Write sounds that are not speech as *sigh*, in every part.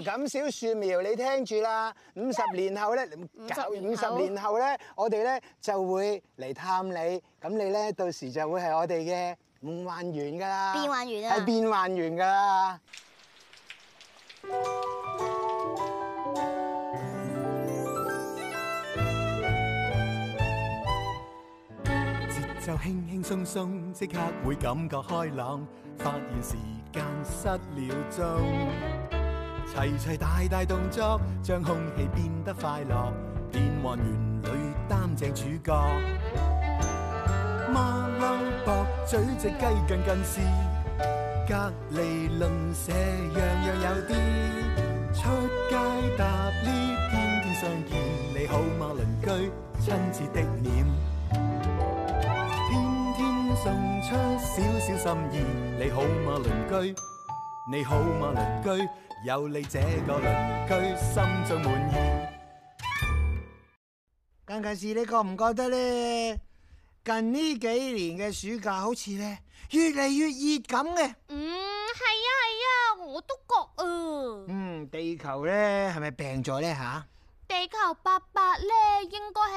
咁小樹苗，你聽住啦。五十年後咧，五十年後咧，我哋咧就會嚟探你。咁你咧到時就會係我哋嘅夢幻園噶啦，變幻園啦，係變幻園噶啦。節奏輕輕鬆鬆，即刻會感覺開朗，發現時間失了蹤。齊齊大大動作，將空氣變得快樂。變幻園裏擔正主角，孖騮博嘴隻雞近近視，隔離鄰舍樣樣有啲。出街搭 𨋢。天天相見，你好嗎鄰居？親切的臉，天天送出少少心意。你好嗎鄰居？你好嗎鄰居？有你這個鄰居，心中滿意。近近時，你覺唔覺得咧？近呢幾年嘅暑假好似咧，越嚟越熱咁嘅。嗯，係啊係啊，我都覺啊。嗯，地球咧係咪病咗咧吓？啊、地球伯伯咧。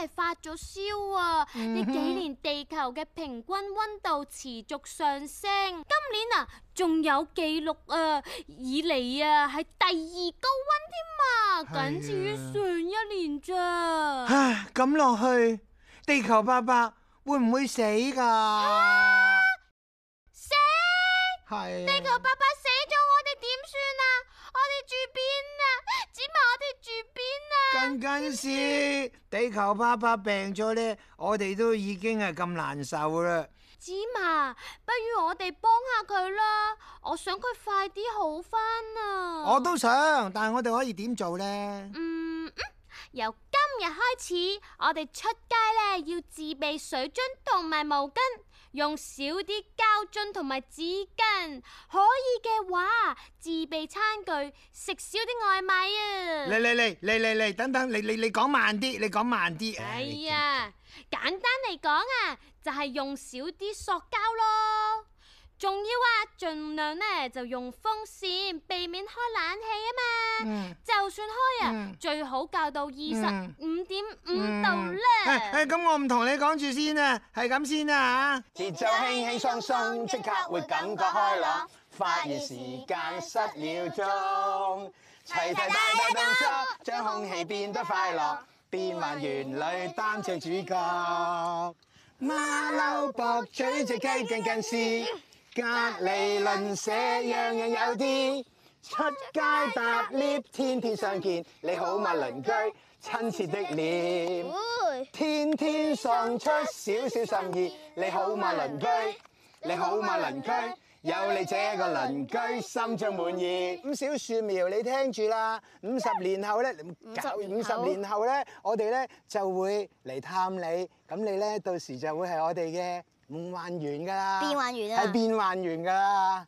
係發咗燒啊！呢、嗯、哼幾年地球嘅平均溫度持續上升，今年啊仲有紀錄啊，以嚟啊係第二高溫添啊，僅次於上一年咋。唉，咁落去，地球伯伯會唔會死噶？死。係的。唔緊要，地球爸爸病咗呢，我哋都已經係咁難受啦。子麻，不如我哋幫下佢啦，我想佢快啲好翻啊！我都想，但係我哋可以點做呢？嗯,嗯，由今日開始，我哋出街呢要自備水樽同埋毛巾，用少啲膠樽同埋紙巾，可以嘅話自備餐具，食少啲外賣啊！嚟嚟嚟嚟嚟嚟，等等，你你你講慢啲，你講慢啲。哎呀，樣簡單嚟講啊，就係、是、用少啲塑膠咯，仲要啊，盡量咧、啊、就用風扇，避免開冷氣啊嘛。嗯、就算開啊，嗯、最好校到二十五點五度啦。咁、嗯哎哎、我唔同你講住先，先啊，係咁先啊。吓。節奏輕輕鬆鬆，即刻會感覺開朗。發熱時間失了蹤，齊齊大大動作，將空氣變得快樂，變幻園裏擔唱主角。馬騮博嘴隻雞近近視，oh、my 隔籬鄰舍樣樣，樣有啲，出街搭 lift 天天相見，你好嘛鄰居，親切的臉，天天送出少少心意。你好嘛鄰居，你好嘛鄰居。Oh my 有你這一個鄰居，心足滿意。咁小樹苗，你聽住啦。五十年後咧，五十年後咧，我哋咧就會嚟探你。咁你咧到時就會係我哋嘅夢幻園噶啦。變幻園啊！係變幻園噶啦。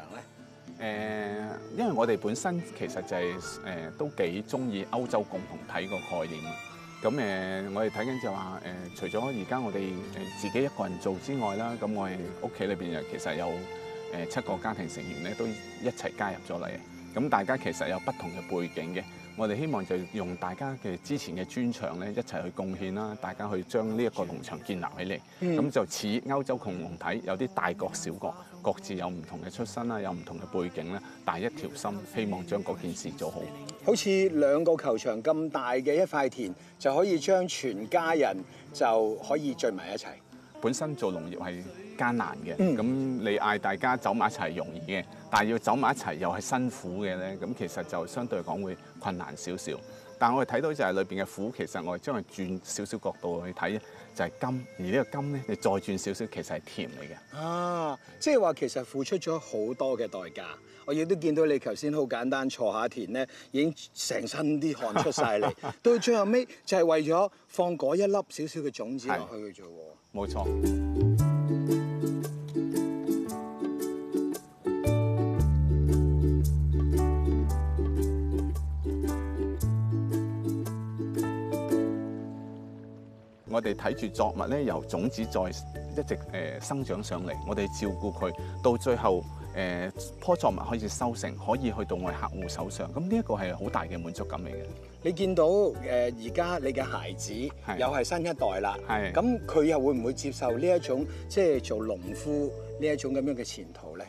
誒，因為我哋本身其實就係、是、誒、呃、都幾鍾意歐洲共同體個概念。咁誒、呃，我哋睇緊就話、是、誒、呃，除咗而家我哋誒自己一個人做之外啦，咁我哋屋企裏邊又其實有誒七個家庭成員咧，都一齊加入咗嚟。咁大家其實有不同嘅背景嘅。我哋希望就用大家嘅之前嘅專長咧，一齊去貢獻啦！大家去將呢一個農場建立起嚟，咁、嗯、就似歐洲共同體，有啲大國小國，各自有唔同嘅出身啦，有唔同嘅背景咧，但係一條心，希望將嗰件事做好。好似兩個球場咁大嘅一塊田，就可以將全家人就可以聚埋一齊。本身做農業係艱難嘅，咁你嗌大家走埋一齊係容易嘅，但係要走埋一齊又係辛苦嘅咧，咁其實就相對嚟講會困難少少。但係我哋睇到就係裏邊嘅苦，其實我哋將佢轉少少角度去睇，就係甘，而呢個甘咧，你再轉少少，其實係甜嚟嘅。啊，即係話其實付出咗好多嘅代價。我亦都見到你頭先好簡單鋤下田咧，已經成身啲汗出晒嚟。 *laughs* 到最後尾，就係為咗放嗰一粒少少嘅種子落去嘅啫。冇錯。我哋睇住作物咧，由種子再一直誒、呃、生長上嚟，我哋照顧佢，到最後，誒、呃、樖作物開始收成，可以去到我哋客戶手上，咁呢一個係好大嘅滿足感嚟嘅。你見到誒而家你嘅孩子又係新一代啦，咁佢又會唔會接受呢一種即係做農夫呢一種咁樣嘅前途咧？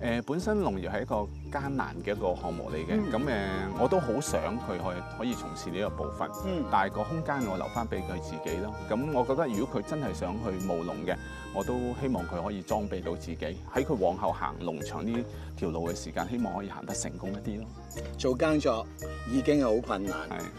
誒、呃、本身農業係一個艱難嘅一個項目嚟嘅，咁誒、嗯呃、我都好想佢去可，可以從事呢一個部分，嗯、但係個空間我留翻俾佢自己咯。咁我覺得如果佢真係想去務農嘅，我都希望佢可以裝備到自己，喺佢往後行農場呢條路嘅時間，希望可以行得成功一啲咯。做耕作已經係好困難，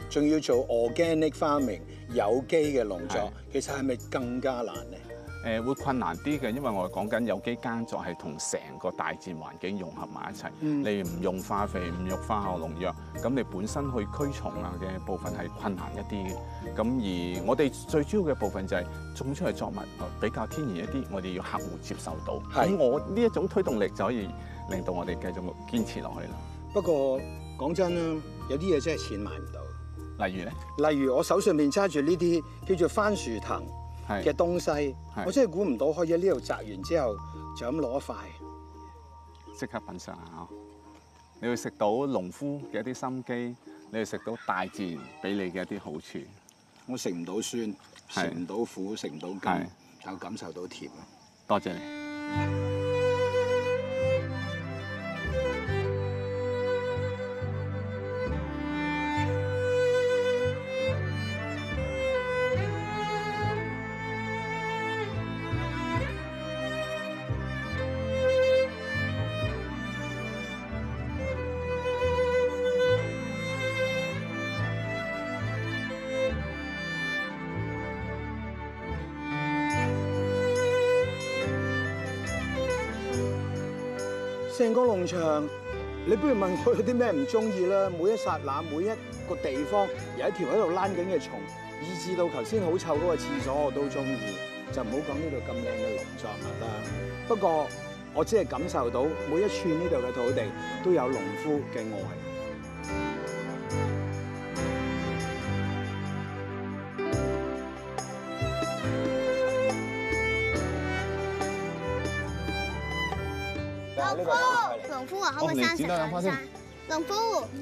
仲是要做 organic farming 有機嘅農作，是其實係咪更加難咧？誒會困難啲嘅，因為我講緊有機耕作係同成個大自然環境融合埋一齊，嗯、你唔用化肥、唔用化學農藥，咁你本身去驅蟲啊嘅部分係困難一啲嘅。咁而我哋最主要嘅部分就係種出嚟作物比較天然一啲，我哋要客戶接受到。咁是我呢一種推動力就可以令到我哋繼續堅持落去啦。不過講真啦，有啲嘢真係錢買唔到。例如咧？例如我手上面揸住呢啲叫做番薯藤。嘅東西，是的 我真係估唔到可以喺呢度摘完之後就咁攞一塊，即刻品嚐啊！你會食到農夫嘅一啲心機，你會食到大自然俾你嘅一啲好處。我食唔到酸，食唔是的 到苦，食唔到鹹，但我感受到甜。多謝你。成個農場，你不如問我有啲咩唔中意啦。每一剎那，每一個地方有一條喺度躝緊嘅蟲，以至到頭先好臭嗰個廁所我都中意，就唔好講呢度咁靚嘅農作物啦。不過我只係感受到每一寸呢度嘅土地都有農夫嘅愛。農夫，農夫啊，可唔可以生？農夫，唔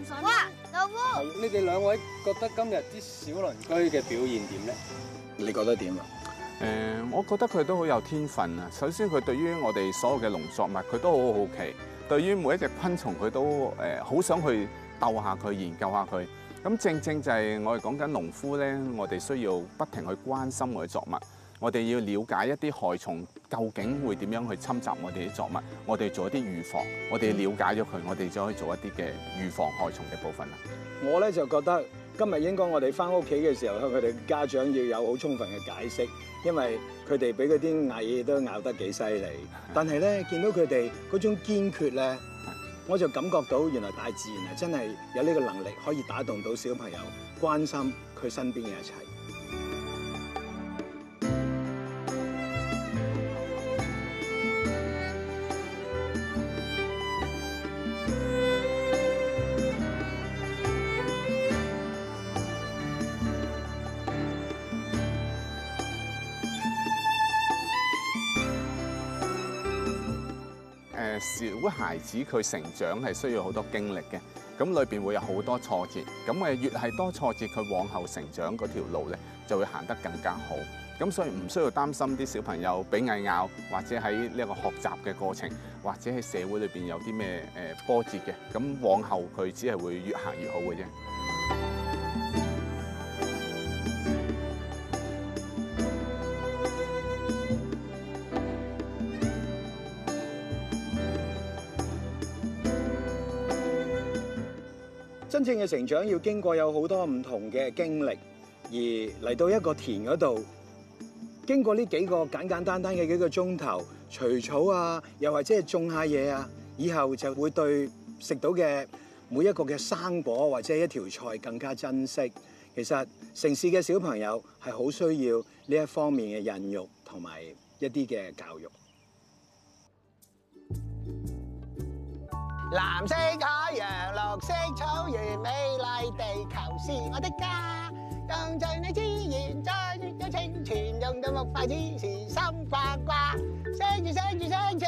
想咩？農夫，你哋兩位覺得今日啲小鄰居嘅表現點咧？你覺得點啊？誒，我覺得佢都好有天分啊！首先佢對於我哋所有嘅農作物，佢都好好奇，對於每一隻昆蟲，佢都誒好想去鬥下佢，研究下佢。咁正正就係我哋講緊農夫咧，我哋需要不停去關心我嘅作物。我哋要了解一啲害蟲究竟會點樣去侵襲我哋啲作物，我哋做一啲預防，我哋了解咗佢，我哋就可以做一啲嘅預防害蟲嘅部分啦。我咧就覺得今日應該我哋翻屋企嘅時候向佢哋家長要有好充分嘅解釋，因為佢哋俾嗰啲蟻都咬得幾犀利。但係咧見到佢哋嗰種堅決咧，我就感覺到原來大自然係真係有呢個能力可以打動到小朋友關心佢身邊嘅一切。如果孩子佢成長係需要好多經歷嘅，咁裏邊會有好多挫折，咁誒越係多挫折，佢往後成長嗰條路呢就會行得更加好，咁所以唔需要擔心啲小朋友俾蟻咬，或者喺呢一個學習嘅過程，或者喺社會裏邊有啲咩誒波折嘅，咁往後佢只係會越行越好嘅啫。真正嘅成長要經過有好多唔同嘅經歷，而嚟到一個田嗰度，經過呢幾個簡簡單單嘅幾個鐘頭除草啊，又或者係種下嘢啊，以後就會對食到嘅每一個嘅生果或者係一條菜更加珍惜。其實城市嘅小朋友係好需要呢一方面嘅孕育同埋一啲嘅教育。藍色海洋，綠色草原，美麗地球是我的家。用盡你資源，再用清泉。用到木塊之時，心掛掛。升住升住升住，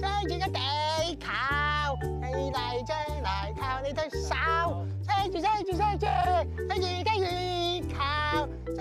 升住個地球，美麗將來靠你隻手，升住升住升住，升住。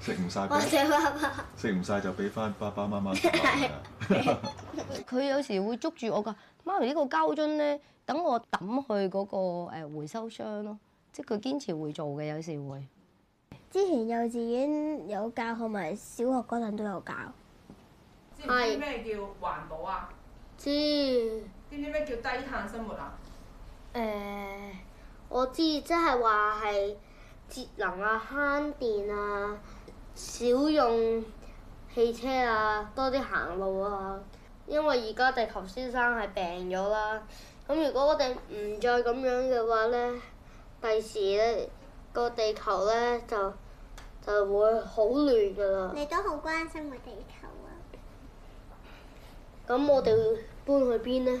食唔晒，食唔晒就俾翻爸爸媽媽食佢 *laughs* *laughs* 有時會捉住我㗎，媽咪呢個膠樽咧，等我抌去嗰個回收箱咯。即係佢堅持會做嘅，有時會。之前幼稚園有教，同埋小學嗰陣都有教。知唔知咩叫環保啊？是知。知唔知咩叫低碳生活啊？誒、呃，我知，即係話係。節能啊，慳電啊，少用汽車啊，多啲行路啊！因為而家地球先生係病咗啦，咁如果我哋唔再咁樣嘅話咧，第時咧個地球咧就就會好亂噶啦！你都好關心個地球啊，咁我哋會搬去邊咧？